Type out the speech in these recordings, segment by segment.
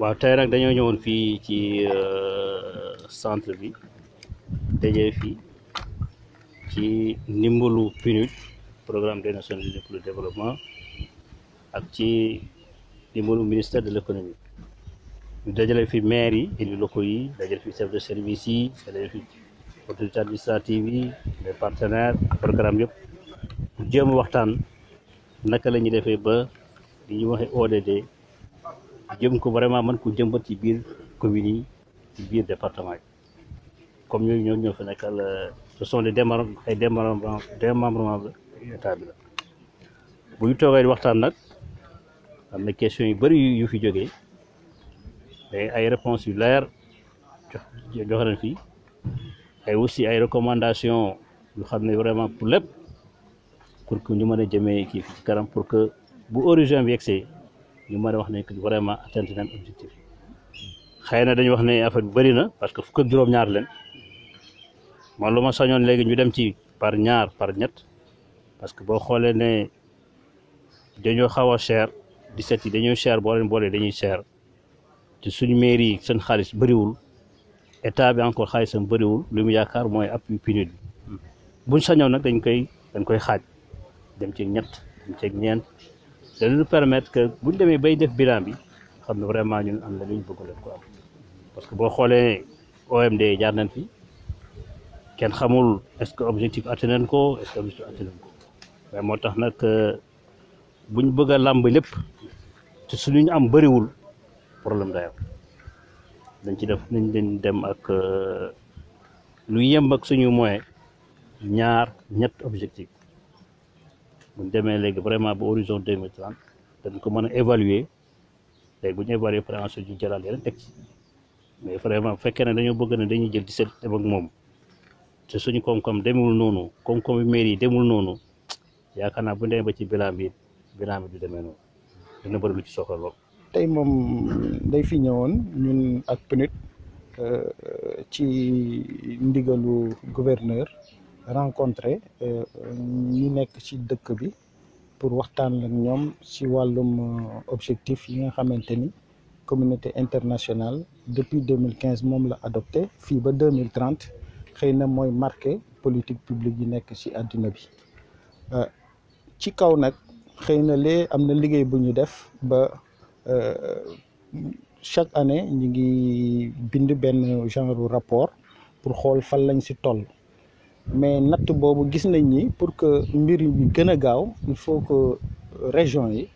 waaw tey nag dañoo ñëwoon fii ci euh, centre bi dajee fii ci ndimbalu PNUD programme des nations unies pour développement ak ci ndimbalu ministère de l'économie ñu dajale fi maire yi élus locaux yi dajale fi chef de service yi dajale fi autorité administrative yi les partenaires programme yëpp jéem waxtaan naka la ñuy defee ba li waxe waxee ODD jëm ko vraiment man ko jëmbat ci biir commune yi ci biir département comme ñoo ñoo ñoo fi nekkal euh, ce sont des démembre ay démembrement démembrement état bi la bu ñu toogee waxtaan nag am na question yu bëri yu fi jógee day ay réponses yu leer jox jox nañ fi ay aussi ay recommandations yu xam ne vraiment pour lépp pour que ñu mën a jëmee kii fi ci karam pour que bu origine bi yegsee ñu mën a wax ne que vraiment atteindre na objectif xëy na dañu wax na affaire bu bëri na parce que fukk ak juróom-ñaar leen man lu ma sañoon léegi ñu dem ci par ñaar par ñett parce que boo xoolee ne dañoo xaw a cher 17 yi dañoo cher boo leen dañuy cher te suñu mairie yi seen xaalis bëriwul état bi encore xaalisam bëriwul lu mu yaakaar mooy appui PNUD bi buñ sañoon nag dañ koy dañ koy xaaj dem ci ñett dem ci ñeent. dana ñu permettre que bu ñu demee bay def bilan bi xam ne vraiment ñun am na lu ñu bëgg leen ko am parce que boo xoolee OMD jaar nañ fi kenn xamul est-ce que objectif atteint ko est-ce que objectif atteint ko mais moo tax nag euh, bu ñu bëgg a làmb lépp te suñu am bëriwul problème day am dañ ci def nañ leen dem ak euh, lu yem ak suñu moyen ñaar ñett objectif. bu ñu demee léegi vraiment ba horizon deux mille trente dañ ko mën a évaluer léegi bu ñu évaluer pare ensuite ñu jëlaat yeneen teg ci mais vraiment bu fekkee ne dañoo bëgg ne dañuy jël di seet dem ak moom te suñu koom-koom noonu koom-koom maire yi demul noonu yaakaar naa bu ñu ba ci bilan bi bilan bi du demee noonu dina bëri lu ci soxla lool. tey moom day fi ñëwoon ñun ak PNUD euh, ci ndigalu gouverneur. rencontré euh, ñi nek ci dëkk bi pour waxtaan ak ñom ci walum euh, objectif yi nga xamanteni communauté internationale depuis 2015 mom la adopté fi ba 2030 xeyna moy marqué politique publique yi nek ci àddina bi euh, ci kaw nak xeyna lé amna liggéey bu ñu def ba chaque année ñi ngi bind ben genre rapport pour xol fan lañ ci toll mais nat bobu gis nañ ni pour que mbir yi gëna il faut que région yi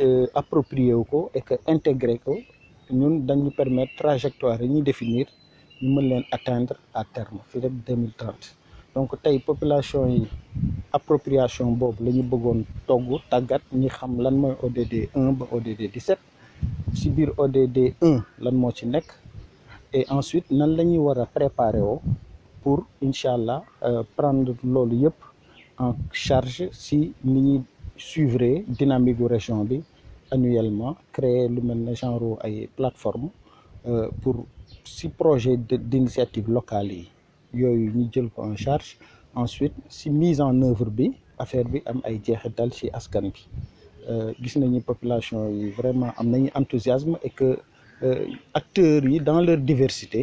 euh approprier ko et que intégrer ko ñun dañu permettre trajectoire yi définir ñu mën leen atteindre à terme fii 2030. donc tay population yi appropriation bobu la ñu bëggoon togg tàggat ñi xam lan ODD 1 ba ODD 17 si biir ODD 1 lan mo ci et ensuite nan la wara préparer pour Inch'Allah, euh, prendre loolu en charge si nous suivons la dynamique la région bi annuellement créer le même genre ay plateforme euh, pour si projets d'initiative locale yi ñu jël ko en charge ensuite si mise en œuvre bi affaire bi am ay jeexital ci askan bi euh, gis population yi vraiment am enthousiasme et que acteurs dans leur diversité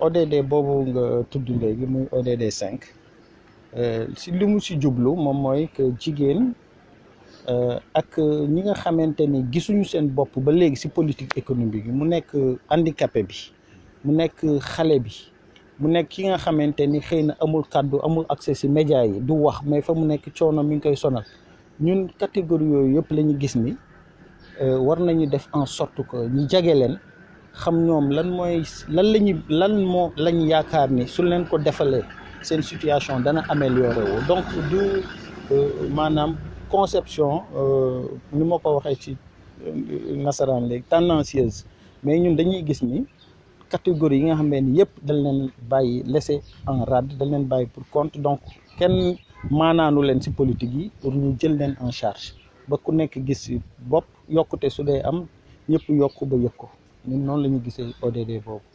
ODD boobu nga tudd légui muy ODD 5 euh, si li mu ci djublu mom moy que jigen euh ak ñi nga xamante ni gisuñu seen ba légui ci politique économique bi mu nekk handicapé bi mu nekk xalé bi mu nekk ki nga xamante xeyna amul kàddu amul accès ci média yi du wax mais fa mu nekk choono mi ngi koy sonal ñun catégorie yooyu yëpp la gis ni euh war nañu def en sorte que ñu jege leen xam ñoom lan mooy lan la ñu lan moo lañ yaakaar ni su leen ko defalee seen situation dana améliorer wu donc du euh, maanaam conception euh, ni ma ko waxee ci euh, nasaraan léegi tendancieuse mais ñun dañuy gis ni catégorie yi nga xam ni yëpp dañ leen bàyyi laisser en rade dañ leen bàyyi pour compte donc kenn maanaanu leen ci politique yi pour ñu jël leen en charge ba ku nekk gis bopp yokkute su dee am ñëpp yokk ba yëg ko ñun noonu la ñu gisee ODD boobu.